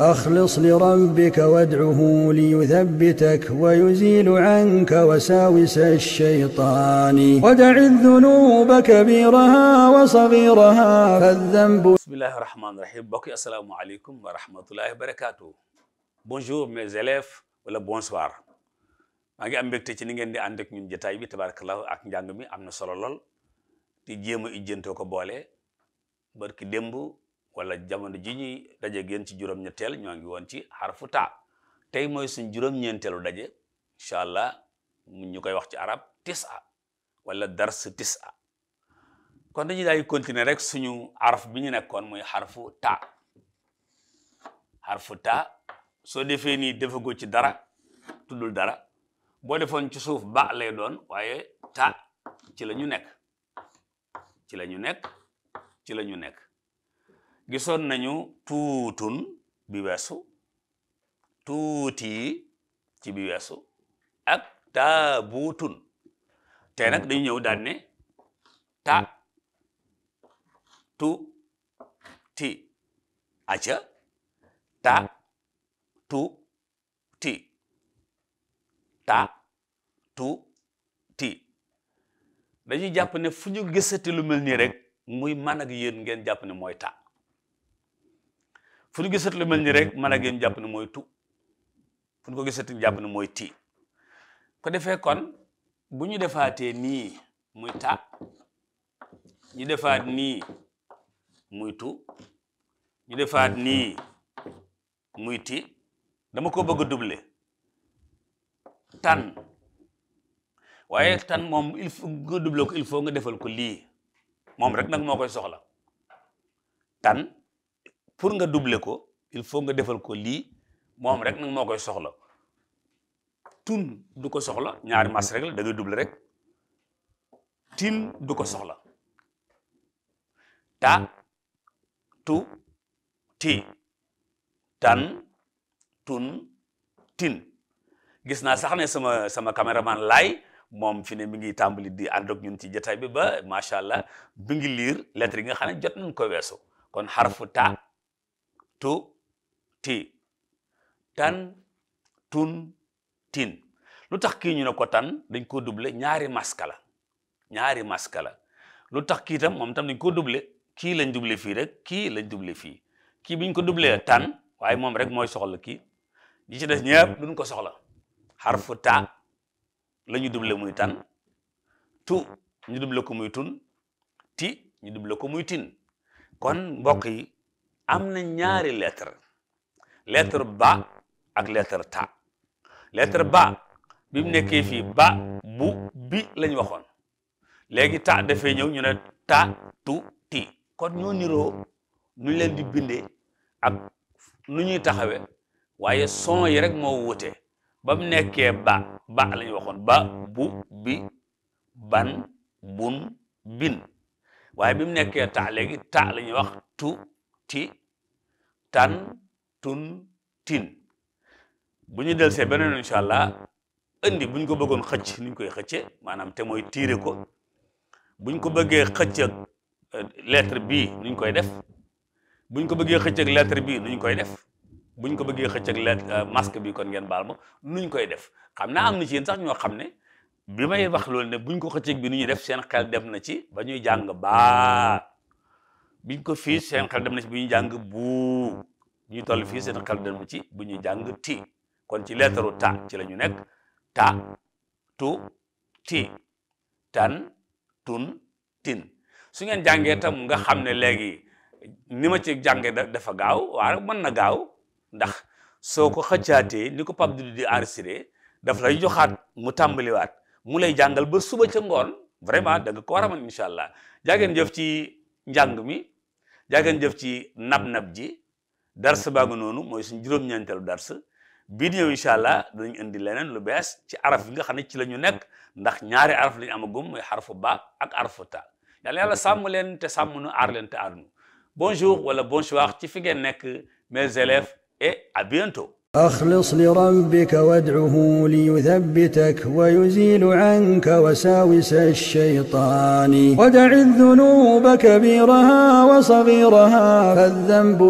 أخلص لربك وادعه ليثبتك ويزيل عنك وساوس الشيطان ودع الذنوب كبيرها وصغيرها فالذنب بسم الله الرحمن الرحيم بقي السلام عليكم ورحمة الله وبركاته Bonjour mes élèves wala bonsoir maa ngi am mbégte ci ni ngeen di ànd ak ñun jotaay bi tabarakallahu ak njàng mi am na solo lool di jéem a ijjantoo ko boole barki démb wala jamono ji ñuy daje génn ci juróom-ñetteel ñoo ngi woon ci xarfu ta tey mooy suñ juróom-ñeenteelu daje incha allah ñu koy wax ci arab tisa wala dars tisa kon dañuy daay continuer rek suñu xarf bi ñu nekkoon muy xarfu ta xarfu ta soo defee nii defagoo ci dara tuddul dara boo defoon ci suuf ba lay doon waaye ta ci la ñu nekk ci la ñu nekk ci la ñu nekk gisoon nañu tuutun bi weesu tuuti ci bi weesu ak taabutun te nag dañu ñëw daan ne ta tu ti aca ta tu ti ta tu ti dañuy jàpp ne fu ñu gisati lu mel nii rek muy man ak yéen ngeen jàpp ne mooy ta fu ñu lu mel ni rek mm-hmm. man ak yéen mm-hmm. jàpp ne mooy tu fu ko gisat jàpp ne mooy ti ko defee kon bu ñu defaatee nii muy ta ñu defaat nii muytu tu ñu defaat mm-hmm. nii muy ti dama ko bëgg a doubler tan waaye tan moom il faut nga doubler ko nga defal ko lii moom rek nag moo koy soxla pour nga duble ko il faut nga defal ko lii moom rek nag moo koy soxla tun du ko soxla ñaari mas rek la da ngay rek tin du ko soxla ta tu ti tan tun tin gis naa sax ne sama sama man laay moom fi ne mi ngi tàmbali di ànd ak ñun ci jotaay bi ba macha allah mi ngi liir lettre yi nga xam ne jot nañ ko weesu kon xarfu ta to ti tan tun tin lu tax kii ñu ne ko tan dañ ko duble ñaari maska la ñaari maska la lu tax kii tam moom tam dañ ko doublé kii lañ duble fii rek kii lañ doublé fii kii biñ ko doublé tan waaye moom rek mooy soxla ki ñi ci des ñëpp duñ ko soxla xarfu ta la ñu doublé muy tan tu ñu duble ko muy tun ti ñu duble ko muy tin kon mbokk yi am na ñaari lettre lettre mm-hmm. ba mm-hmm. ak lettre ta lettre mm-hmm. ba bi mu nekkee fii ba bu bi lañ waxoon léegi ta dafay ñëw ñu ne ta tu ti kon ñoo niroo nu ñu leen di bindee ak nu ñuy taxawee waaye son yi rek moo wute ba mu nekkee ba ba lañ waxoon ba bu bi ban bun bin waaye bi mu nekkee ta léegi ta la ñuy wax tu ti tan mm. tun tin bu ñu del see beneen incha allah indi buñ ko bëggoon xëcc niñ koy xëcce maanaam te mooy tiire ko buñ eh, ko bëggee xëcc ak lettre bii nuñ koy def buñ ko bëggee xëcc ak bi bii nuñ koy def buñ ko bëggee xëcc ak lettre eh, masque bi kon ngeen baal ma nuñ koy def xam na am na ci yéen sax ñoo xam ne bi may wax loolu ne buñ ko xëcc bi nu ñuy def seen xel dem na ci ba ñuy jàng baa biñ ko fii seen dem na ci bu ñuy jàng buu ñuy toll fii seen xel ci bu ñuy jàng ti kon ci leetaru ta ci la ñu nekk ta tu ti tan tun tin su ngeen jàngee tam nga xam ne léegi ni ma ci jànge dafa gaaw waaye mën na gaaw ndax soo ko xëccaatee ni ko pap du di enregistré daf lay joxaat mu tàmbaliwaat mu lay jàngal ba suba ca ngoon vraiment da nga ko war a allah jaa ngeen jëf ci njàng mi jaageen jëf ci nab-nab ji dars baa nga noonu mooy suñ juróom-ñeenteelu dars bii di ñëw incha allah dinañ indi leneen lu bees ci araf bi nga xam ne ci la ñu nekk ndax ñaari araf la ñu amagum mooy xarfu baa ak xarfu ta yàlla yàlla sàmm leen te sàmm nu aar leen te aar nu bonjour wala bonsoir ci fi ngeen nekk mes élèves et à bientôt أخلص لربك وادعه ليثبتك ويزيل عنك وساوس الشيطان ودع الذنوب كبيرها وصغيرها فالذنب